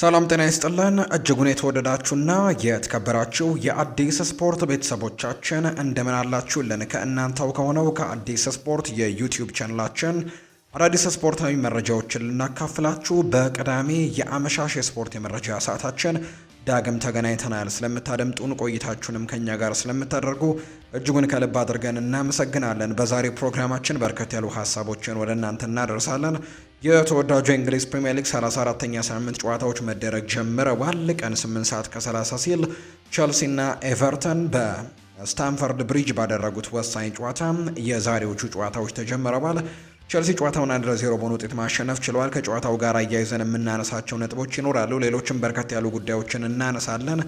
ሰላም ጤና ይስጥልን እጅጉን የተወደዳችሁና የተከበራችሁ የአዲስ ስፖርት ቤተሰቦቻችን እንደምን አላችሁልን? ከእናንተው ከሆነው ከአዲስ ስፖርት የዩቲዩብ ቻናላችን አዳዲስ ስፖርታዊ መረጃዎችን ልናካፍላችሁ በቅዳሜ የአመሻሽ የስፖርት የመረጃ ሰዓታችን ዳግም ተገናኝተናል። ስለምታደምጡን ቆይታችሁንም ከኛ ጋር ስለምታደርጉ እጅጉን ከልብ አድርገን እናመሰግናለን። በዛሬው ፕሮግራማችን በርከት ያሉ ሀሳቦችን ወደ እናንተ እናደርሳለን። የተወዳጁ የእንግሊዝ ፕሪምየር ሊግ 34ተኛ ሳምንት ጨዋታዎች መደረግ ጀምረዋል። ቀን 8 ሰዓት ከ30 ሲል ቸልሲና ኤቨርተን በስታንፈርድ ብሪጅ ባደረጉት ወሳኝ ጨዋታ የዛሬዎቹ ጨዋታዎች ተጀምረዋል። ቸልሲ ጨዋታውን አንድ ለዜሮ በሆነ ውጤት ማሸነፍ ችለዋል። ከጨዋታው ጋር አያይዘን የምናነሳቸው ነጥቦች ይኖራሉ። ሌሎችም በርከት ያሉ ጉዳዮችን እናነሳለን።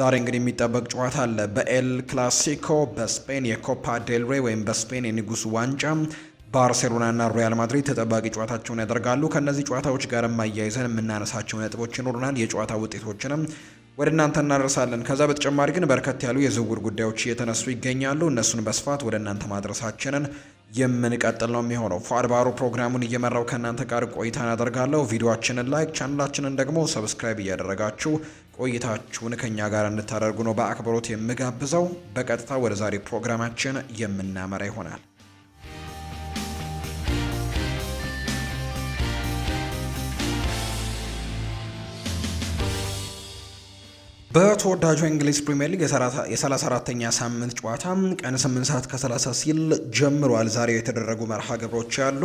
ዛሬ እንግዲህ የሚጠበቅ ጨዋታ አለ። በኤል ክላሲኮ በስፔን የኮፓ ዴልሬ ወይም በስፔን የንጉስ ዋንጫ ባርሴሎናና ሪያል ማድሪድ ተጠባቂ ጨዋታቸውን ያደርጋሉ። ከእነዚህ ጨዋታዎች ጋር አያይዘን የምናነሳቸው ነጥቦች ይኖሩናል። የጨዋታ ውጤቶችንም ወደ እናንተ እናደርሳለን። ከዛ በተጨማሪ ግን በርከት ያሉ የዝውውር ጉዳዮች እየተነሱ ይገኛሉ። እነሱን በስፋት ወደ እናንተ ማድረሳችንን የምንቀጥል ነው የሚሆነው። ፏአድባሩ ፕሮግራሙን እየመራው ከእናንተ ጋር ቆይታ አደርጋለሁ። ቪዲዮችንን ላይክ፣ ቻናላችንን ደግሞ ሰብስክራይብ እያደረጋችሁ ቆይታችሁን ከኛ ጋር እንድታደርጉ ነው በአክብሮት የምጋብዘው። በቀጥታ ወደ ዛሬ ፕሮግራማችን የምናመራ ይሆናል። በተወዳጁ እንግሊዝ ፕሪምየር ሊግ የ34ተኛ ሳምንት ጨዋታ ቀን 8 ሰዓት ከ30 ሲል ጀምሯል። ዛሬ የተደረጉ መርሃ ግብሮች ያሉ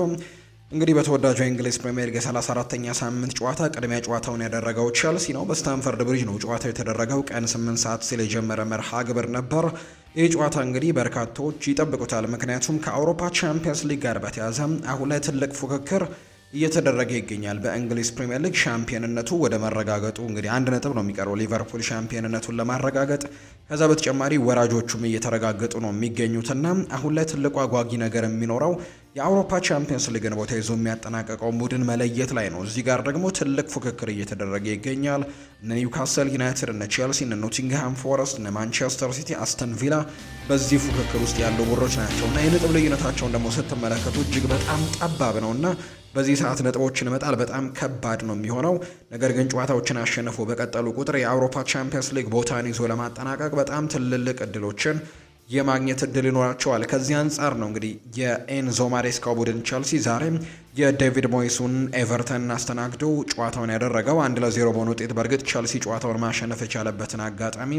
እንግዲህ በተወዳጁ የእንግሊዝ ፕሪምየር ሊግ የ34ተኛ ሳምንት ጨዋታ ቅድሚያ ጨዋታውን ያደረገው ቼልሲ ነው። በስታንፈርድ ብሪጅ ነው ጨዋታው የተደረገው። ቀን 8 ሰዓት ሲል የጀመረ መርሃ ግብር ነበር። ይህ ጨዋታ እንግዲህ በርካቶች ይጠብቁታል። ምክንያቱም ከአውሮፓ ቻምፒየንስ ሊግ ጋር በተያያዘ አሁን ላይ ትልቅ ፉክክር እየተደረገ ይገኛል። በእንግሊዝ ፕሪምየር ሊግ ሻምፒዮንነቱ ወደ መረጋገጡ እንግዲህ አንድ ነጥብ ነው የሚቀረው ሊቨርፑል ሻምፒዮንነቱን ለማረጋገጥ። ከዛ በተጨማሪ ወራጆቹም እየተረጋገጡ ነው የሚገኙትና አሁን ላይ ትልቁ አጓጊ ነገር የሚኖረው የአውሮፓ ቻምፒየንስ ሊግን ቦታ ይዞ የሚያጠናቀቀው ቡድን መለየት ላይ ነው። እዚህ ጋር ደግሞ ትልቅ ፉክክር እየተደረገ ይገኛል። እነ ኒውካስል ዩናይትድ፣ እነ ቼልሲ፣ እነ ኖቲንግሃም ፎረስት፣ እነ ማንቸስተር ሲቲ፣ አስተን ቪላ በዚህ ፉክክር ውስጥ ያሉ ቡድኖች ናቸው እና የነጥብ ልዩነታቸውን ደግሞ ስትመለከቱ እጅግ በጣም ጠባብ ነው እና በዚህ ሰዓት ነጥቦችን መጣል በጣም ከባድ ነው የሚሆነው። ነገር ግን ጨዋታዎችን አሸንፎ በቀጠሉ ቁጥር የአውሮፓ ቻምፒየንስ ሊግ ቦታን ይዞ ለማጠናቀቅ በጣም ትልልቅ እድሎችን የማግኘት እድል ይኖራቸዋል። ከዚህ አንጻር ነው እንግዲህ የኤንዞ ማሬስካው ቡድን ቸልሲ ዛሬም የዴቪድ ሞይሱን ኤቨርተን አስተናግዶ ጨዋታውን ያደረገው አንድ ለዜሮ በሆነ ውጤት። በእርግጥ ቸልሲ ጨዋታውን ማሸነፍ የቻለበትን አጋጣሚ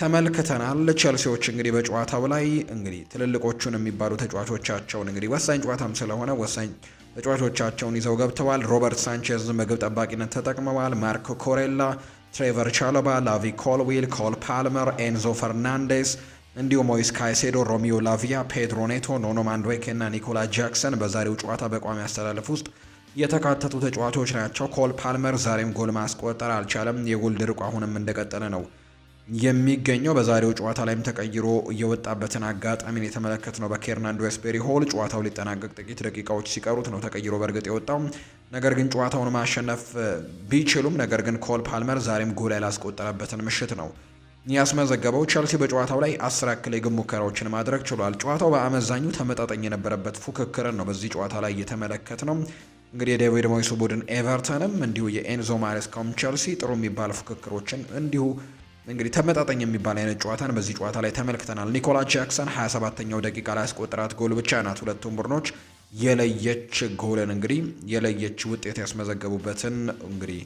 ተመልክተናል። ቸልሲዎች እንግዲህ በጨዋታው ላይ እንግዲህ ትልልቆቹን የሚባሉ ተጫዋቾቻቸውን እንግዲህ ወሳኝ ጨዋታም ስለሆነ ወሳኝ ተጫዋቾቻቸውን ይዘው ገብተዋል። ሮበርት ሳንቼዝ ምግብ ጠባቂነት ተጠቅመዋል። ማርኮ ኮሬላ፣ ትሬቨር ቻሎባ፣ ላቪ ኮልዊል፣ ኮል ፓልመር፣ ኤንዞ ፈርናንዴስ እንዲሁም ሞይስ ካይሴዶ፣ ሮሚዮ ላቪያ፣ ፔድሮ ኔቶ፣ ኖኖ ማንዱዌኬ እና ኒኮላ ጃክሰን በዛሬው ጨዋታ በቋሚ አስተላለፍ ውስጥ የተካተቱ ተጫዋቾች ናቸው። ኮል ፓልመር ዛሬም ጎል ማስቆጠር አልቻለም። የጎል ድርቁ አሁንም እንደቀጠለ ነው። የሚገኘው በዛሬው ጨዋታ ላይም ተቀይሮ የወጣበትን አጋጣሚን የተመለከት ነው። በኬርናንዶ ስፔሪ ሆል ጨዋታው ሊጠናቀቅ ጥቂት ደቂቃዎች ሲቀሩት ነው ተቀይሮ በእርግጥ የወጣው። ነገር ግን ጨዋታውን ማሸነፍ ቢችሉም፣ ነገር ግን ኮል ፓልመር ዛሬም ጎል ያላስቆጠረበትን ምሽት ነው ያስመዘገበው። ቸልሲ በጨዋታው ላይ አስር ያክል የግብ ሙከራዎችን ማድረግ ችሏል። ጨዋታው በአመዛኙ ተመጣጣኝ የነበረበት ፉክክርን ነው በዚህ ጨዋታ ላይ እየተመለከት ነው። እንግዲህ የዴቪድ ሞይሱ ቡድን ኤቨርተንም እንዲሁ የኤንዞ ማሬስካውም ቸልሲ ጥሩ የሚባል ፉክክሮችን እንዲሁ እንግዲህ ተመጣጣኝ የሚባል አይነት ጨዋታን በዚህ ጨዋታ ላይ ተመልክተናል። ኒኮላ ጃክሰን 27ኛው ደቂቃ ላይ ያስቆጠራት ጎል ብቻ ናት ሁለቱም ቡድኖች የለየች ጎልን እንግዲህ የለየች ውጤት ያስመዘገቡበትን እንግዲህ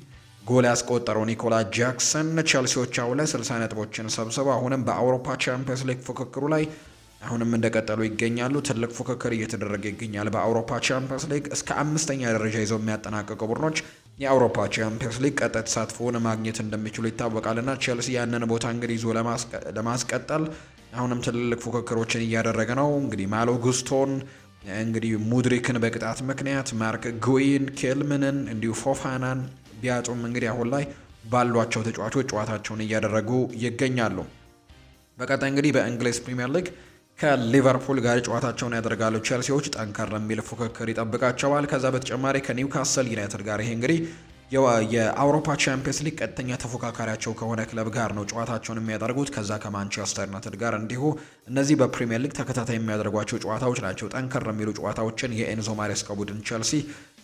ጎል ያስቆጠረው ኒኮላ ጃክሰን ቸልሲዎች አሁን ላይ 60 ነጥቦችን ሰብስበው አሁንም በአውሮፓ ቻምፒየንስ ሊግ ፉክክሩ ላይ አሁንም እንደቀጠሉ ይገኛሉ። ትልቅ ፉክክር እየተደረገ ይገኛል። በአውሮፓ ቻምፒየንስ ሊግ እስከ አምስተኛ ደረጃ ይዘው የሚያጠናቀቁ ቡድኖች የአውሮፓ ቻምፒየንስ ሊግ ቀጣይ ተሳትፎውን ማግኘት እንደሚችሉ ይታወቃልና ቼልሲ ያንን ቦታ እንግዲህ ይዞ ለማስቀጠል አሁንም ትልልቅ ፉክክሮችን እያደረገ ነው። እንግዲህ ማሎ ጉስቶን እንግዲህ ሙድሪክን በቅጣት ምክንያት ማርክ ጉይን፣ ኬልምንን እንዲሁ ፎፋናን ቢያጡም እንግዲህ አሁን ላይ ባሏቸው ተጫዋቾች ጨዋታቸውን እያደረጉ ይገኛሉ። በቀጣይ እንግዲህ በእንግሊዝ ፕሪምየር ሊግ ከሊቨርፑል ጋር ጨዋታቸውን ያደርጋሉ። ቸልሲዎች ጠንከር የሚል ፉክክር ይጠብቃቸዋል። ከዛ በተጨማሪ ከኒውካስል ዩናይትድ ጋር ይሄ እንግዲህ የአውሮፓ ቻምፒየንስ ሊግ ቀጥተኛ ተፎካካሪያቸው ከሆነ ክለብ ጋር ነው ጨዋታቸውን የሚያደርጉት። ከዛ ከማንቸስተር ዩናይትድ ጋር እንዲሁ። እነዚህ በፕሪምየር ሊግ ተከታታይ የሚያደርጓቸው ጨዋታዎች ናቸው። ጠንከር የሚሉ ጨዋታዎችን የኤንዞ ማሬስካ ቡድን ቸልሲ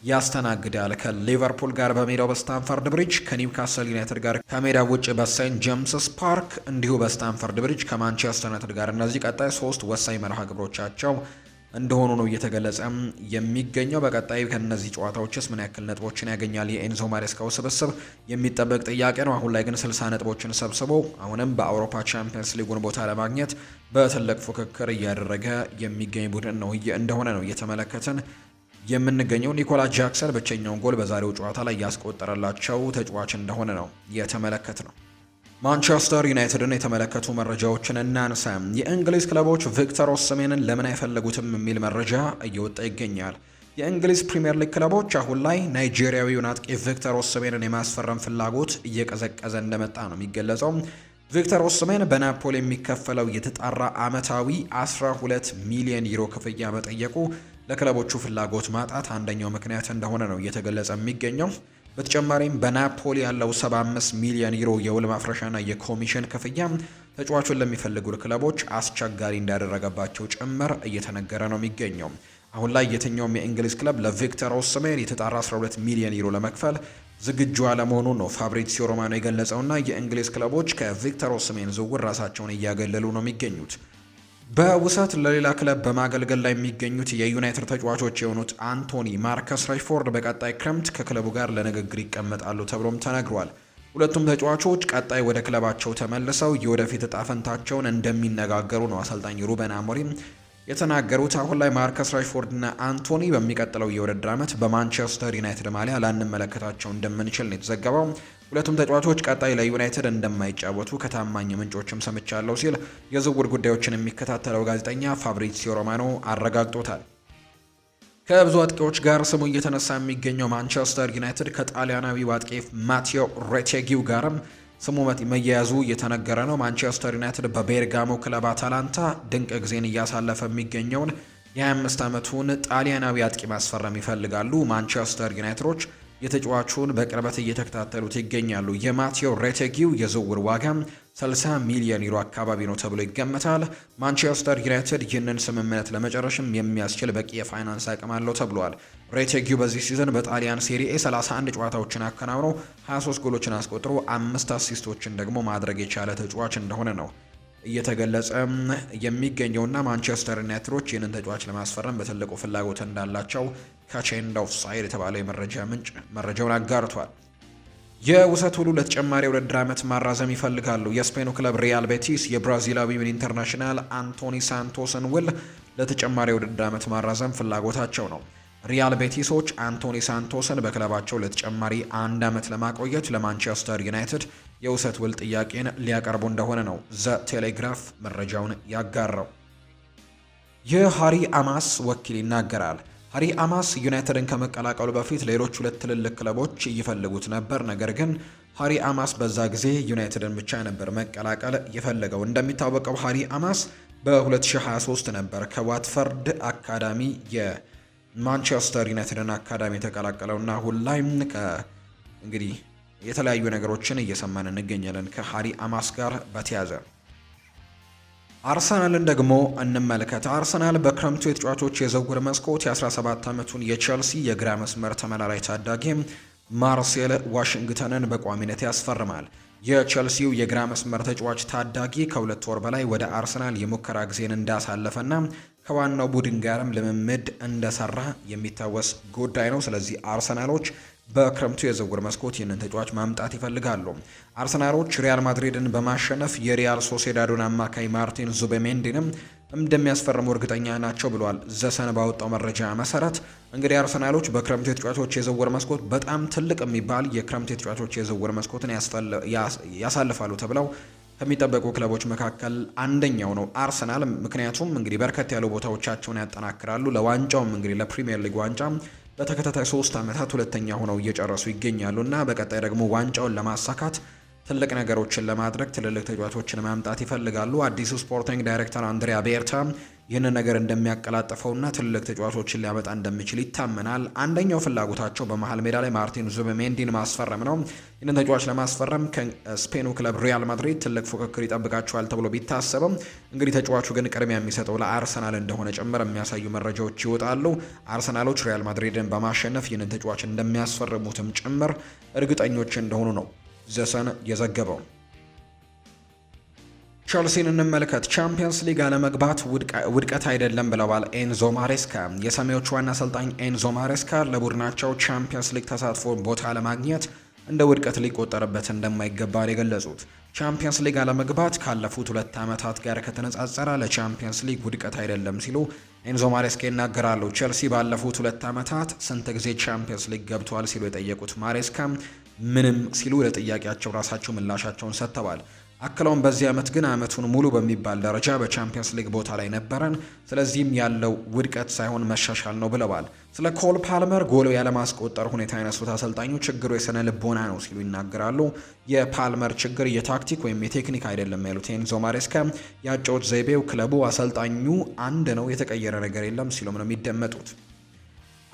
ያስተናግዳል። ከሊቨርፑል ጋር በሜዳው በስታንፈርድ ብሪጅ፣ ከኒውካስል ዩናይትድ ጋር ከሜዳ ውጭ በሴንት ጄምስስ ፓርክ፣ እንዲሁ በስታንፈርድ ብሪጅ ከማንቸስተር ዩናይትድ ጋር እነዚህ ቀጣይ ሶስት ወሳኝ መርሃ ግብሮቻቸው እንደሆኑ ነው እየተገለጸ የሚገኘው። በቀጣይ ከነዚህ ጨዋታዎችስ ምን ያክል ነጥቦችን ያገኛል? የኤንዞ ማሬስካው ስብስብ የሚጠበቅ ጥያቄ ነው። አሁን ላይ ግን 60 ነጥቦችን ሰብስቦ አሁንም በአውሮፓ ቻምፒየንስ ሊጉን ቦታ ለማግኘት በትልቅ ፉክክር እያደረገ የሚገኝ ቡድን ነው እንደሆነ ነው እየተመለከትን የምንገኘው ኒኮላ ጃክሰን ብቸኛውን ጎል በዛሬው ጨዋታ ላይ ያስቆጠረላቸው ተጫዋች እንደሆነ ነው የተመለከት ነው። ማንቸስተር ዩናይትድን የተመለከቱ መረጃዎችን እናንሳ። የእንግሊዝ ክለቦች ቪክተር ኦስሜንን ለምን አይፈለጉትም የሚል መረጃ እየወጣ ይገኛል። የእንግሊዝ ፕሪምየር ሊግ ክለቦች አሁን ላይ ናይጄሪያዊውን አጥቂ ቪክተር ኦስሜንን የማስፈረም ፍላጎት እየቀዘቀዘ እንደመጣ ነው የሚገለጸው። ቪክተር ኦስሜን በናፖሊ የሚከፈለው የተጣራ ዓመታዊ 12 ሚሊዮን ዩሮ ክፍያ መጠየቁ ለክለቦቹ ፍላጎት ማጣት አንደኛው ምክንያት እንደሆነ ነው እየተገለጸ የሚገኘው። በተጨማሪም በናፖሊ ያለው 75 ሚሊዮን ዩሮ የውል ማፍረሻና የኮሚሽን ክፍያ ተጫዋቹን ለሚፈልጉ ክለቦች አስቸጋሪ እንዳደረገባቸው ጭምር እየተነገረ ነው የሚገኘው። አሁን ላይ የትኛውም የእንግሊዝ ክለብ ለቪክተር ኦስሜን የተጣራ 12 ሚሊዮን ዩሮ ለመክፈል ዝግጁ አለመሆኑ ነው ፋብሪሲዮ ሮማኖ የገለጸውና የእንግሊዝ ክለቦች ከቪክተር ኦስሜን ዝውውር ራሳቸውን እያገለሉ ነው የሚገኙት። በውሰት ለሌላ ክለብ በማገልገል ላይ የሚገኙት የዩናይትድ ተጫዋቾች የሆኑት አንቶኒ ማርከስ ራሽፎርድ በቀጣይ ክረምት ከክለቡ ጋር ለንግግር ይቀመጣሉ ተብሎም ተነግሯል። ሁለቱም ተጫዋቾች ቀጣይ ወደ ክለባቸው ተመልሰው የወደፊት እጣ ፈንታቸውን እንደሚነጋገሩ ነው አሰልጣኝ ሩበን አሞሪም የተናገሩት። አሁን ላይ ማርከስ እና አንቶኒ በሚቀጥለው የውድድር ዓመት በማንቸስተር ዩናይትድ ማሊያ ላንመለከታቸው እንደምንችል ነው የተዘገበው። ሁለቱም ተጫዋቾች ቀጣይ ለዩናይትድ እንደማይጫወቱ ከታማኝ ምንጮችም ሰምቻለሁ ሲል የዝውውር ጉዳዮችን የሚከታተለው ጋዜጠኛ ፋብሪሲዮ ሮማኖ አረጋግጦታል። ከብዙ አጥቂዎች ጋር ስሙ እየተነሳ የሚገኘው ማንቸስተር ዩናይትድ ከጣሊያናዊ አጥቂ ማቴዎ ሬቴጊው ጋርም ስሙ መያያዙ እየተነገረ ነው። ማንቸስተር ዩናይትድ በቤርጋሞ ክለብ አታላንታ ድንቅ ጊዜን እያሳለፈ የሚገኘውን የ25 ዓመቱን ጣሊያናዊ አጥቂ ማስፈረም ይፈልጋሉ። ማንቸስተር ዩናይትዶች የተጫዋቹን በቅርበት እየተከታተሉት ይገኛሉ። የማቴዎ ሬቴጊው የዝውውር ዋጋ 30 ሚሊዮን ዩሮ አካባቢ ነው ተብሎ ይገመታል። ማንቸስተር ዩናይትድ ይህንን ስምምነት ለመጨረሽም የሚያስችል በቂ የፋይናንስ አቅም አለው ተብሏል። ሬቴጊው በዚህ ሲዘን በጣሊያን ሴሪኤ 31 ጨዋታዎችን አከናውኖ 23 ጎሎችን አስቆጥሮ አምስት አሲስቶችን ደግሞ ማድረግ የቻለ ተጫዋች እንደሆነ ነው እየተገለጸ የሚገኘውና ማንቸስተር ዩናይትዶች ይህንን ተጫዋች ለማስፈረም በትልቁ ፍላጎት እንዳላቸው ካቼንድ ኦፍ ሳይድ የተባለው የመረጃ ምንጭ መረጃውን አጋርቷል። የውሰት ውሉ ለተጨማሪ ውድድር ዓመት ማራዘም ይፈልጋሉ። የስፔኑ ክለብ ሪያል ቤቲስ የብራዚላዊውን ኢንተርናሽናል አንቶኒ ሳንቶስን ውል ለተጨማሪ የውድድር ዓመት ማራዘም ፍላጎታቸው ነው። ሪያል ቤቲሶች አንቶኒ ሳንቶስን በክለባቸው ለተጨማሪ አንድ ዓመት ለማቆየት ለማንቸስተር ዩናይትድ የውሰት ውል ጥያቄን ሊያቀርቡ እንደሆነ ነው ዘ ቴሌግራፍ መረጃውን ያጋራው። የሃሪ አማስ ወኪል ይናገራል። ሀሪ አማስ ዩናይትድን ከመቀላቀሉ በፊት ሌሎች ሁለት ትልልቅ ክለቦች እየፈለጉት ነበር። ነገር ግን ሀሪ አማስ በዛ ጊዜ ዩናይትድን ብቻ ነበር መቀላቀል የፈለገው። እንደሚታወቀው ሀሪ አማስ በ2023 ነበር ከዋትፈርድ አካዳሚ የማንቸስተር ዩናይትድን አካዳሚ የተቀላቀለውና አሁን ላይም እንግዲህ የተለያዩ ነገሮችን እየሰማን እንገኛለን ከሃሪ አማስ ጋር በተያያዘ አርሰናልን ደግሞ እንመልከት። አርሰናል በክረምቱ የተጫዋቾች የዝውውር መስኮት የ17 ዓመቱን የቼልሲ የግራ መስመር ተመላላይ ታዳጊ ማርሴል ዋሽንግተንን በቋሚነት ያስፈርማል። የቼልሲው የግራ መስመር ተጫዋች ታዳጊ ከሁለት ወር በላይ ወደ አርሰናል የሙከራ ጊዜን እንዳሳለፈና ከዋናው ቡድን ጋርም ልምምድ እንደሰራ የሚታወስ ጉዳይ ነው። ስለዚህ አርሰናሎች በክረምቱ የዝውውር መስኮት ይህንን ተጫዋች ማምጣት ይፈልጋሉ። አርሰናሎች ሪያል ማድሪድን በማሸነፍ የሪያል ሶሴዳዶን አማካይ ማርቲን ዙቤሜንዲንም እንደሚያስፈርሙ እርግጠኛ ናቸው ብሏል ዘሰን ባወጣው መረጃ መሰረት። እንግዲህ አርሰናሎች በክረምቱ የተጫዋቾች የዝውውር መስኮት በጣም ትልቅ የሚባል የክረምቱ የተጫዋቾች የዝውውር መስኮትን ያሳልፋሉ ተብለው ከሚጠበቁ ክለቦች መካከል አንደኛው ነው አርሰናል። ምክንያቱም እንግዲህ በርከት ያሉ ቦታዎቻቸውን ያጠናክራሉ። ለዋንጫውም እንግዲህ ለፕሪሚየር ሊግ ዋንጫ በተከታታይ ሶስት ዓመታት ሁለተኛ ሆነው እየጨረሱ እና በቀጣይ ደግሞ ዋንጫውን ለማሳካት ትልቅ ነገሮችን ለማድረግ ትልልቅ ተጫዋቾችን ማምጣት ይፈልጋሉ። አዲሱ ስፖርቲንግ ዳይሬክተር አንድሪያ ቤርታ ይህንን ነገር እንደሚያቀላጥፈውና ትልቅ ተጫዋቾችን ሊያመጣ እንደሚችል ይታመናል። አንደኛው ፍላጎታቸው በመሀል ሜዳ ላይ ማርቲን ዙብሜንዲን ማስፈረም ነው። ይህንን ተጫዋች ለማስፈረም ከስፔኑ ክለብ ሪያል ማድሪድ ትልቅ ፉክክር ይጠብቃቸዋል ተብሎ ቢታሰብም እንግዲህ ተጫዋቹ ግን ቅድሚያ የሚሰጠው ለአርሰናል እንደሆነ ጭምር የሚያሳዩ መረጃዎች ይወጣሉ። አርሰናሎች ሪያል ማድሪድን በማሸነፍ ይህንን ተጫዋች እንደሚያስፈርሙትም ጭምር እርግጠኞች እንደሆኑ ነው ዘሰን የዘገበው። ቸልሲን እንመልከት። ቻምፒየንስ ሊግ አለመግባት ውድቀት አይደለም ብለዋል ኤንዞ ማሬስካ። የሰሜዎቹ ዋና አሰልጣኝ ኤንዞ ማሬስካ ለቡድናቸው ቻምፒየንስ ሊግ ተሳትፎ ቦታ ለማግኘት እንደ ውድቀት ሊቆጠርበት እንደማይገባ የገለጹት ቻምፒየንስ ሊግ አለመግባት ካለፉት ሁለት ዓመታት ጋር ከተነጻጸረ ለቻምፒየንስ ሊግ ውድቀት አይደለም ሲሉ ኤንዞ ማሬስካ ይናገራሉ። ቸልሲ ባለፉት ሁለት ዓመታት ስንት ጊዜ ቻምፒየንስ ሊግ ገብተዋል ሲሉ የጠየቁት ማሬስካ ምንም ሲሉ ለጥያቄያቸው ራሳቸው ምላሻቸውን ሰጥተዋል። አክለውም በዚህ ዓመት ግን ዓመቱን ሙሉ በሚባል ደረጃ በቻምፒየንስ ሊግ ቦታ ላይ ነበረን፣ ስለዚህም ያለው ውድቀት ሳይሆን መሻሻል ነው ብለዋል። ስለ ኮል ፓልመር ጎሎ ያለማስቆጠር ሁኔታ ያነሱት አሰልጣኙ ችግሩ የስነ ልቦና ነው ሲሉ ይናገራሉ። የፓልመር ችግር የታክቲክ ወይም የቴክኒክ አይደለም ያሉት ኤንዞ ማሬስካ የአጨዋወት ዘይቤው፣ ክለቡ፣ አሰልጣኙ አንድ ነው፣ የተቀየረ ነገር የለም ሲሉም ነው የሚደመጡት።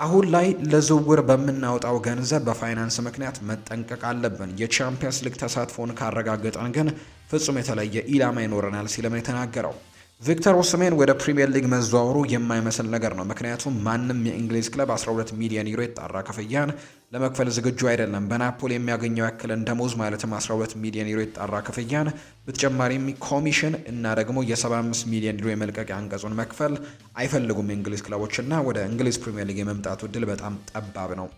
አሁን ላይ ለዝውውር በምናወጣው ገንዘብ በፋይናንስ ምክንያት መጠንቀቅ አለብን። የቻምፒየንስ ሊግ ተሳትፎን ካረጋገጠን ግን ፍጹም የተለየ ኢላማ ይኖረናል ሲልም የተናገረው ቪክተር ኦስሜን ወደ ፕሪምየር ሊግ መዘዋወሩ የማይመስል ነገር ነው። ምክንያቱም ማንም የእንግሊዝ ክለብ 12 ሚሊዮን ዩሮ የጣራ ክፍያን ለመክፈል ዝግጁ አይደለም። በናፖል የሚያገኘው ያክልን ደሞዝ ማለትም 12 ሚሊዮን ዩሮ የጣራ ክፍያን በተጨማሪም ኮሚሽን እና ደግሞ የ75 ሚሊዮን ዩሮ የመልቀቂያ አንቀጹን መክፈል አይፈልጉም የእንግሊዝ ክለቦችና ወደ እንግሊዝ ፕሪምየር ሊግ የመምጣቱ እድል በጣም ጠባብ ነው።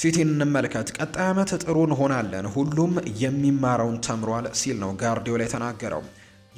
ሲቲን እንመልከት። ቀጣይ ዓመት ጥሩ እንሆናለን፣ ሁሉም የሚማረውን ተምሯል ሲል ነው ጋርዲዮላ የተናገረው።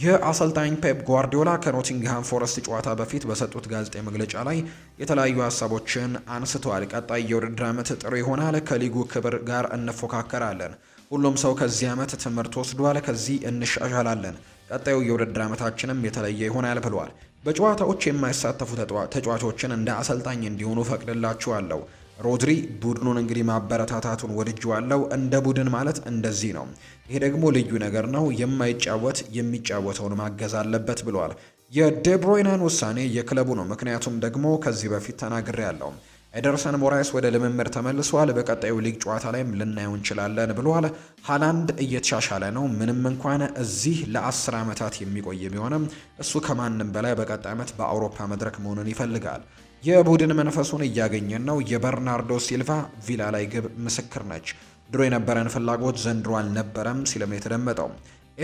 የአሰልጣኝ ፔፕ ጓርዲዮላ ከኖቲንግሃም ፎረስት ጨዋታ በፊት በሰጡት ጋዜጣዊ መግለጫ ላይ የተለያዩ ሀሳቦችን አንስተዋል። ቀጣይ የውድድር ዓመት ጥሩ ይሆናል። ከሊጉ ክብር ጋር እንፎካከራለን። ሁሉም ሰው ከዚህ ዓመት ትምህርት ወስዷል። ከዚህ እንሻሻላለን። ቀጣዩ የውድድር ዓመታችንም የተለየ ይሆናል ብሏል። በጨዋታዎች የማይሳተፉ ተጫዋቾችን እንደ አሰልጣኝ እንዲሆኑ ፈቅድላችኋለሁ ሮድሪ ቡድኑን እንግዲህ ማበረታታቱን ወድጄዋለሁ። እንደ ቡድን ማለት እንደዚህ ነው። ይሄ ደግሞ ልዩ ነገር ነው። የማይጫወት የሚጫወተውን ማገዝ አለበት ብሏል። የዴብሮይናን ውሳኔ የክለቡ ነው። ምክንያቱም ደግሞ ከዚህ በፊት ተናግሬ ያለው ኤደርሰን ሞራይስ ወደ ልምምድ ተመልሷል። በቀጣዩ ሊግ ጨዋታ ላይም ልናየው እንችላለን ብሏል። ሃላንድ እየተሻሻለ ነው። ምንም እንኳን እዚህ ለአስር ዓመታት የሚቆይ ቢሆንም እሱ ከማንም በላይ በቀጣይ ዓመት በአውሮፓ መድረክ መሆኑን ይፈልጋል። የቡድን መንፈሱን እያገኘን ነው። የበርናርዶ ሲልቫ ቪላ ላይ ግብ ምስክር ነች። ድሮ የነበረን ፍላጎት ዘንድሮ አልነበረም ሲልም የተደመጠው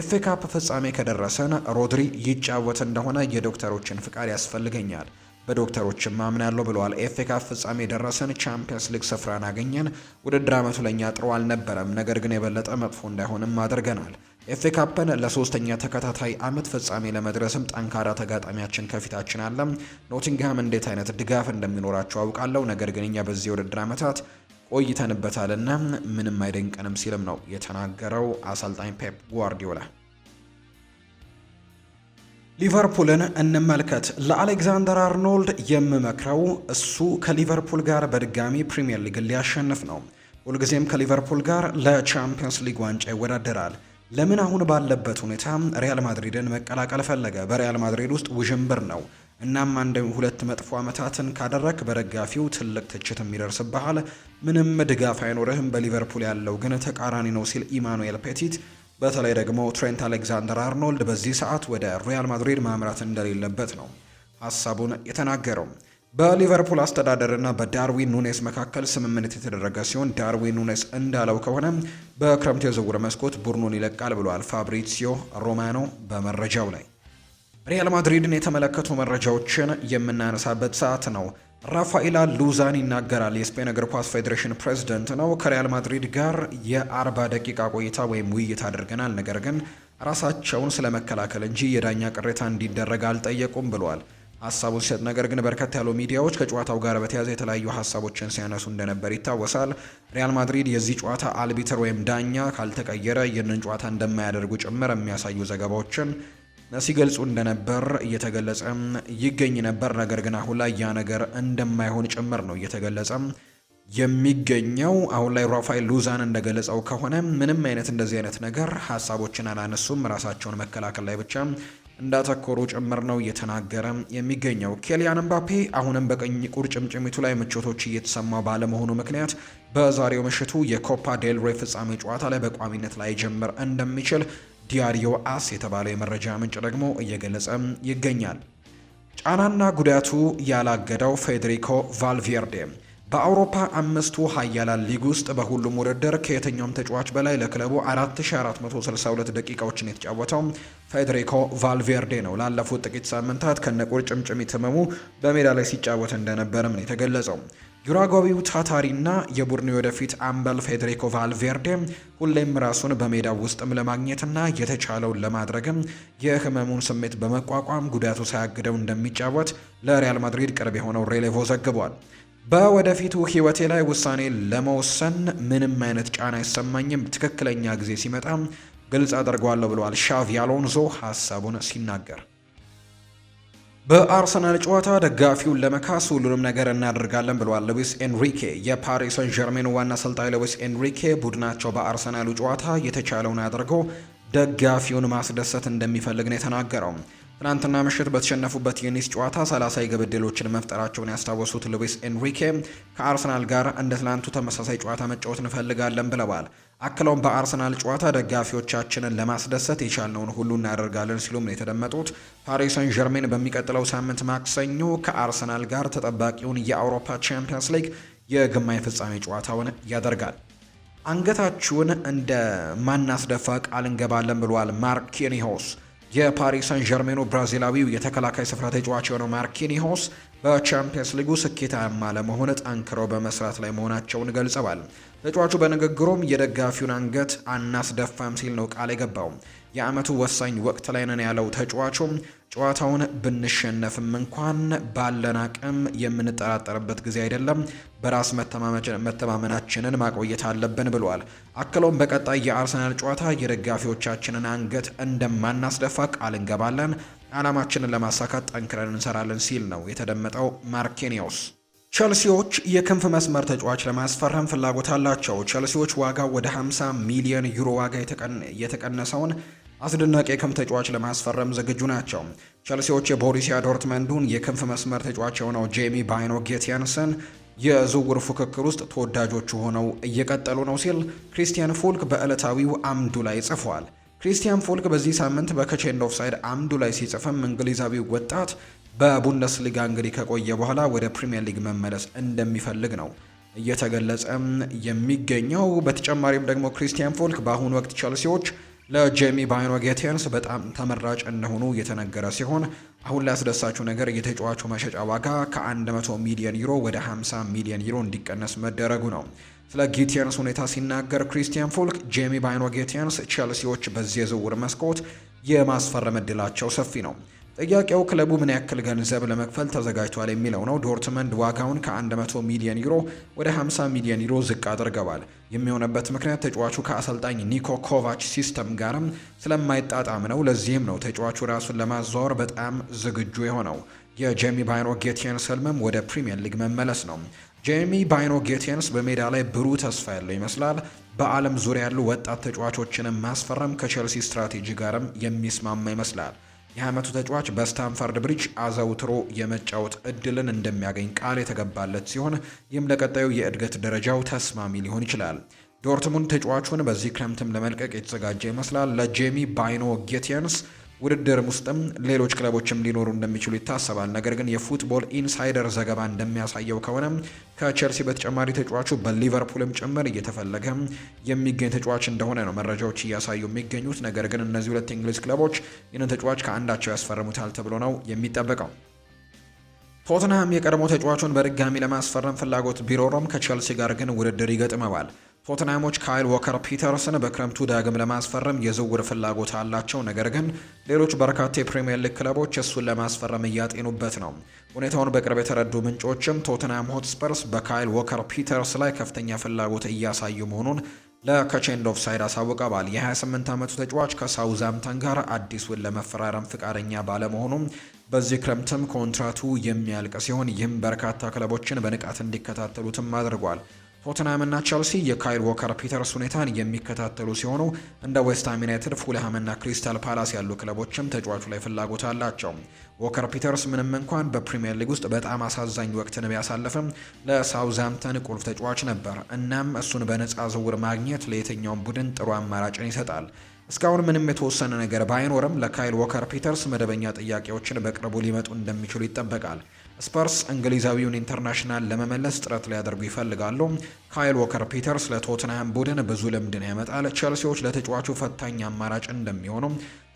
ኤፌ ካፕ ፍጻሜ ከደረሰን ሮድሪ ይጫወት እንደሆነ የዶክተሮችን ፍቃድ ያስፈልገኛል በዶክተሮችም አምናለሁ ብለዋል። ኤፌ ካፕ ፍጻሜ የደረሰን ቻምፒየንስ ሊግ ስፍራን አገኘን። ውድድር አመቱ ለእኛ ጥሩ አልነበረም፣ ነገር ግን የበለጠ መጥፎ እንዳይሆንም አድርገናል። ኤፍኤ ካፕን ለሶስተኛ ተከታታይ አመት ፍጻሜ ለመድረስም ጠንካራ ተጋጣሚያችን ከፊታችን አለ። ኖቲንግሃም እንዴት አይነት ድጋፍ እንደሚኖራቸው አውቃለሁ፣ ነገር ግን እኛ በዚህ የውድድር አመታት ቆይተንበታልና ምንም አይደንቀንም ሲልም ነው የተናገረው አሰልጣኝ ፔፕ ጓርዲዮላ። ሊቨርፑልን እንመልከት። ለአሌክዛንደር አርኖልድ የምመክረው እሱ ከሊቨርፑል ጋር በድጋሚ ፕሪምየር ሊግን ሊያሸንፍ ነው። ሁልጊዜም ከሊቨርፑል ጋር ለቻምፒየንስ ሊግ ዋንጫ ይወዳደራል። ለምን አሁን ባለበት ሁኔታ ሪያል ማድሪድን መቀላቀል ፈለገ? በሪያል ማድሪድ ውስጥ ውዥንብር ነው። እናም አንድ ሁለት መጥፎ ዓመታትን ካደረክ በደጋፊው ትልቅ ትችት የሚደርስብሃል፣ ምንም ድጋፍ አይኖርህም። በሊቨርፑል ያለው ግን ተቃራኒ ነው ሲል ኢማኑኤል ፔቲት በተለይ ደግሞ ትሬንት አሌክዛንደር አርኖልድ በዚህ ሰዓት ወደ ሪያል ማድሪድ ማምራት እንደሌለበት ነው ሀሳቡን የተናገረው። በሊቨርፑል አስተዳደርና በዳርዊን ኑኔስ መካከል ስምምነት የተደረገ ሲሆን ዳርዊን ኑኔስ እንዳለው ከሆነ በክረምት የዝውውር መስኮት ቡድኑን ይለቃል ብለዋል ፋብሪሲዮ ሮማኖ በመረጃው ላይ። ሪያል ማድሪድን የተመለከቱ መረጃዎችን የምናነሳበት ሰዓት ነው። ራፋኤላ ሉዛን ይናገራል። የስፔን እግር ኳስ ፌዴሬሽን ፕሬዝደንት ነው። ከሪያል ማድሪድ ጋር የአርባ ደቂቃ ቆይታ ወይም ውይይት አድርገናል፣ ነገር ግን ራሳቸውን ስለመከላከል እንጂ የዳኛ ቅሬታ እንዲደረግ አልጠየቁም ብለዋል። ሀሳቡን ሲሰጥ ነገር ግን በርከት ያሉ ሚዲያዎች ከጨዋታው ጋር በተያያዘ የተለያዩ ሀሳቦችን ሲያነሱ እንደነበር ይታወሳል። ሪያል ማድሪድ የዚህ ጨዋታ አልቢትር ወይም ዳኛ ካልተቀየረ ይህንን ጨዋታ እንደማያደርጉ ጭምር የሚያሳዩ ዘገባዎችን ሲገልጹ እንደነበር እየተገለጸ ይገኝ ነበር። ነገር ግን አሁን ላይ ያ ነገር እንደማይሆን ጭምር ነው እየተገለጸ የሚገኘው። አሁን ላይ ራፋኤል ሉዛን እንደገለጸው ከሆነ ምንም አይነት እንደዚህ አይነት ነገር ሀሳቦችን አላነሱም። ራሳቸውን መከላከል ላይ ብቻ እንዳተኮሩ ጭምር ነው እየተናገረ የሚገኘው። ኬሊያን ምባፔ አሁንም በቀኝ ቁርጭምጭሚቱ ላይ ምቾቶች እየተሰማ ባለመሆኑ ምክንያት በዛሬው ምሽቱ የኮፓ ዴል ሬ ፍጻሜ ጨዋታ ላይ በቋሚነት ላይ ጀምር እንደሚችል ዲያሪዮ አስ የተባለው የመረጃ ምንጭ ደግሞ እየገለጸ ይገኛል። ጫናና ጉዳቱ ያላገደው ፌዴሪኮ ቫልቬርዴ በአውሮፓ አምስቱ ሀያላን ሊግ ውስጥ በሁሉም ውድድር ከየትኛውም ተጫዋች በላይ ለክለቡ 4462 ደቂቃዎችን የተጫወተው ፌዴሪኮ ቫልቬርዴ ነው። ላለፉት ጥቂት ሳምንታት ከነቁርጭምጭሚት ህመሙ በሜዳ ላይ ሲጫወት እንደነበረም ነው የተገለጸው። ዩራጓዊው ታታሪና የቡድኑ ወደፊት አምበል ፌዴሪኮ ቫልቬርዴ ሁሌም ራሱን በሜዳው ውስጥም ለማግኘትና የተቻለውን ለማድረግም የህመሙን ስሜት በመቋቋም ጉዳቱ ሳያግደው እንደሚጫወት ለሪያል ማድሪድ ቅርብ የሆነው ሬሌቮ ዘግቧል። በወደፊቱ ህይወቴ ላይ ውሳኔ ለመወሰን ምንም አይነት ጫና አይሰማኝም፣ ትክክለኛ ጊዜ ሲመጣ ግልጽ አድርጓለሁ ብለዋል ሻቪ አሎንዞ ሀሳቡን ሲናገር። በአርሰናል ጨዋታ ደጋፊውን ለመካስ ሁሉንም ነገር እናደርጋለን ብለዋል ሉዊስ ኤንሪኬ። የፓሪስ ሰን ዠርሜን ዋና አሰልጣኝ ሉዊስ ኤንሪኬ ቡድናቸው በአርሰናሉ ጨዋታ የተቻለውን አድርጎ ደጋፊውን ማስደሰት እንደሚፈልግ ነው የተናገረው። ትናንትና ምሽት በተሸነፉበት የኒስ ጨዋታ 30 የግብ ዕድሎችን መፍጠራቸውን ያስታወሱት ሉዊስ ኤንሪኬ ከአርሰናል ጋር እንደ ትናንቱ ተመሳሳይ ጨዋታ መጫወት እንፈልጋለን ብለዋል። አክለውም በአርሰናል ጨዋታ ደጋፊዎቻችንን ለማስደሰት የቻልነውን ሁሉ እናደርጋለን ሲሉም ነው የተደመጡት። ፓሪስ ሰን ዠርሜን በሚቀጥለው ሳምንት ማክሰኞ ከአርሰናል ጋር ተጠባቂውን የአውሮፓ ቻምፒየንስ ሊግ የግማሽ ፍጻሜ ጨዋታውን ያደርጋል። አንገታችሁን እንደ ማናስደፋ ቃል እንገባለን ብሏል ማርክ የፓሪስ ሰን ዠርሜኑ ብራዚላዊው የተከላካይ ስፍራ ተጫዋች የሆነው ማርኪኒሆስ በቻምፒየንስ ሊጉ ስኬታማ ለመሆን ጠንክረው በመስራት ላይ መሆናቸውን ገልጸዋል። ተጫዋቹ በንግግሩም የደጋፊውን አንገት አናስደፋም ሲል ነው ቃል የገባው። የአመቱ ወሳኝ ወቅት ላይ ነን ያለው ተጫዋቹም ጨዋታውን ብንሸነፍም እንኳን ባለን አቅም የምንጠራጠርበት ጊዜ አይደለም፣ በራስ መተማመናችንን ማቆየት አለብን ብሏል። አክለውም በቀጣይ የአርሰናል ጨዋታ የደጋፊዎቻችንን አንገት እንደማናስደፋ ቃል እንገባለን፣ አላማችንን ለማሳካት ጠንክረን እንሰራለን ሲል ነው የተደመጠው ማርኪኒዮስ ቸልሲዎች የክንፍ መስመር ተጫዋች ለማስፈረም ፍላጎት አላቸው። ቸልሲዎች ዋጋ ወደ 50 ሚሊዮን ዩሮ ዋጋ የተቀነሰውን አስደናቂ የክንፍ ተጫዋች ለማስፈረም ዝግጁ ናቸው። ቸልሲዎች የቦሩሲያ ዶርትመንዱን የክንፍ መስመር ተጫዋች የሆነው ጄሚ ባይኖ ጌትያንሰን የዝውውር ፉክክር ውስጥ ተወዳጆቹ ሆነው እየቀጠሉ ነው ሲል ክሪስቲያን ፎልክ በዕለታዊው አምዱ ላይ ጽፏል። ክሪስቲያን ፎልክ በዚህ ሳምንት በከቼንድ ኦፍሳይድ አምዱ ላይ ሲጽፍም እንግሊዛዊው ወጣት በቡንደስሊጋ እንግዲህ ከቆየ በኋላ ወደ ፕሪምየር ሊግ መመለስ እንደሚፈልግ ነው እየተገለጸ የሚገኘው። በተጨማሪም ደግሞ ክሪስቲያን ፎልክ በአሁኑ ወቅት ቸልሲዎች ለጄሚ ባይኖ ጌቴንስ በጣም ተመራጭ እንደሆኑ እየተነገረ ሲሆን አሁን ላይ ያስደሳችሁ ነገር የተጫዋቹ መሸጫ ዋጋ ከ100 ሚሊዮን ዩሮ ወደ 50 ሚሊዮን ዩሮ እንዲቀነስ መደረጉ ነው። ስለ ጌቴንስ ሁኔታ ሲናገር ክሪስቲያን ፎልክ ጄሚ ባይኖ ጌቴንስ ቸልሲዎች በዚህ የዝውውር መስኮት የማስፈረም እድላቸው ሰፊ ነው ጥያቄው ክለቡ ምን ያክል ገንዘብ ለመክፈል ተዘጋጅቷል የሚለው ነው። ዶርትመንድ ዋጋውን ከ100 ሚሊዮን ዩሮ ወደ 50 ሚሊዮን ዩሮ ዝቅ አድርገዋል። የሚሆነበት ምክንያት ተጫዋቹ ከአሰልጣኝ ኒኮ ኮቫች ሲስተም ጋርም ስለማይጣጣም ነው። ለዚህም ነው ተጫዋቹ ራሱን ለማዘዋወር በጣም ዝግጁ የሆነው። የጄሚ ባይኖ ጌቲየንስ ህልምም ወደ ፕሪምየር ሊግ መመለስ ነው። ጄሚ ባይኖ ጌቲየንስ በሜዳ ላይ ብሩህ ተስፋ ያለው ይመስላል። በዓለም ዙሪያ ያሉ ወጣት ተጫዋቾችንም ማስፈረም ከቼልሲ ስትራቴጂ ጋርም የሚስማማ ይመስላል። የአመቱ ተጫዋች በስታንፈርድ ብሪጅ አዘውትሮ የመጫወት እድልን እንደሚያገኝ ቃል የተገባለት ሲሆን ይህም ለቀጣዩ የእድገት ደረጃው ተስማሚ ሊሆን ይችላል። ዶርትሙንድ ተጫዋቹን በዚህ ክረምትም ለመልቀቅ የተዘጋጀ ይመስላል። ለጄሚ ባይኖ ጌቲየንስ ውድድር ውስጥም ሌሎች ክለቦችም ሊኖሩ እንደሚችሉ ይታሰባል። ነገር ግን የፉትቦል ኢንሳይደር ዘገባ እንደሚያሳየው ከሆነ ከቸልሲ በተጨማሪ ተጫዋቹ በሊቨርፑልም ጭምር እየተፈለገ የሚገኝ ተጫዋች እንደሆነ ነው መረጃዎች እያሳዩ የሚገኙት። ነገር ግን እነዚህ ሁለት እንግሊዝ ክለቦች ይህንን ተጫዋች ከአንዳቸው ያስፈርሙታል ተብሎ ነው የሚጠበቀው። ቶትንሃም የቀድሞ ተጫዋቹን በድጋሚ ለማስፈረም ፍላጎት ቢኖረውም ከቸልሲ ጋር ግን ውድድር ይገጥመዋል። ቶትናሞች ካይል ዎከር ፒተርስን በክረምቱ ዳግም ለማስፈረም የዝውውር ፍላጎት አላቸው። ነገር ግን ሌሎች በርካታ የፕሪምየር ሊግ ክለቦች እሱን ለማስፈረም እያጤኑበት ነው። ሁኔታውን በቅርብ የተረዱ ምንጮችም ቶትናም ሆትስፐርስ በካይል ዎከር ፒተርስ ላይ ከፍተኛ ፍላጎት እያሳዩ መሆኑን ለከቼንድ ኦፍ ሳይድ አሳውቀዋል። የ28 ዓመቱ ተጫዋች ከሳውዛምተን ጋር አዲስ ውል ለመፈራረም ፍቃደኛ ባለመሆኑም በዚህ ክረምትም ኮንትራቱ የሚያልቅ ሲሆን ይህም በርካታ ክለቦችን በንቃት እንዲከታተሉትም አድርጓል። ቶትንሃምና ቸልሲ የካይል ዎከር ፒተርስ ሁኔታን የሚከታተሉ ሲሆኑ እንደ ዌስትሃም ዩናይትድ፣ ፉልሃምና ክሪስታል ፓላስ ያሉ ክለቦችም ተጫዋቹ ላይ ፍላጎት አላቸው። ዎከር ፒተርስ ምንም እንኳን በፕሪምየር ሊግ ውስጥ በጣም አሳዛኝ ወቅትን ቢያሳልፍም ለሳውዛምተን ቁልፍ ተጫዋች ነበር። እናም እሱን በነፃ ዝውውር ማግኘት ለየትኛውም ቡድን ጥሩ አማራጭን ይሰጣል። እስካሁን ምንም የተወሰነ ነገር ባይኖርም ለካይል ዎከር ፒተርስ መደበኛ ጥያቄዎችን በቅርቡ ሊመጡ እንደሚችሉ ይጠበቃል። ስፐርስ እንግሊዛዊውን ኢንተርናሽናል ለመመለስ ጥረት ሊያደርጉ ይፈልጋሉ። ካይል ዎከር ፒተርስ ለቶትንሃም ቡድን ብዙ ልምድን ያመጣል። ቸልሲዎች ለተጫዋቹ ፈታኝ አማራጭ እንደሚሆኑ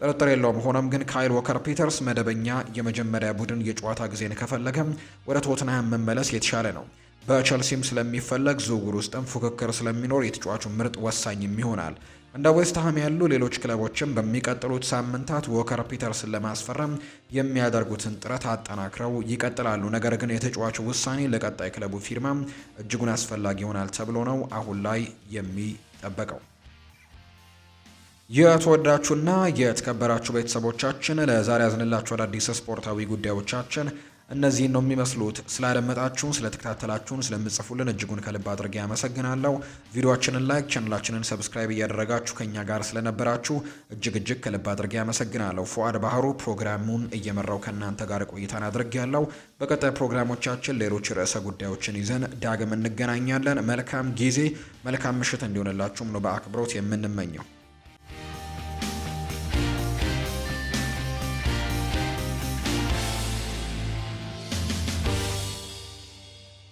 ጥርጥር የለውም። ሆኖም ግን ካይል ዎከር ፒተርስ መደበኛ የመጀመሪያ ቡድን የጨዋታ ጊዜን ከፈለገ ወደ ቶትንሃም መመለስ የተሻለ ነው። በቸልሲም ስለሚፈለግ ዝውውር ውስጥም ፉክክር ስለሚኖር የተጫዋቹ ምርጥ ወሳኝም ይሆናል። እንደ ዌስትሃም ያሉ ሌሎች ክለቦችም በሚቀጥሉት ሳምንታት ዎከር ፒተርስን ለማስፈረም የሚያደርጉትን ጥረት አጠናክረው ይቀጥላሉ። ነገር ግን የተጫዋቹ ውሳኔ ለቀጣይ ክለቡ ፊርማ እጅጉን አስፈላጊ ይሆናል ተብሎ ነው አሁን ላይ የሚጠበቀው። የተወዳችሁና የተከበራችሁ ቤተሰቦቻችን ለዛሬ ያዝንላችሁ አዳዲስ ስፖርታዊ ጉዳዮቻችን እነዚህን ነው የሚመስሉት። ስላደመጣችሁን፣ ስለተከታተላችሁን፣ ስለምጽፉልን እጅጉን ከልብ አድርጌ አመሰግናለሁ። ቪዲዮችንን ላይክ፣ ቻናላችንን ሰብስክራይብ እያደረጋችሁ ከኛ ጋር ስለነበራችሁ እጅግ እጅግ ከልብ አድርጌ አመሰግናለሁ። ፉአድ ባህሩ ፕሮግራሙን እየመራው ከእናንተ ጋር ቆይታን አድርግ ያለው። በቀጣይ ፕሮግራሞቻችን ሌሎች ርዕሰ ጉዳዮችን ይዘን ዳግም እንገናኛለን። መልካም ጊዜ፣ መልካም ምሽት እንዲሆንላችሁም ነው በአክብሮት የምንመኘው።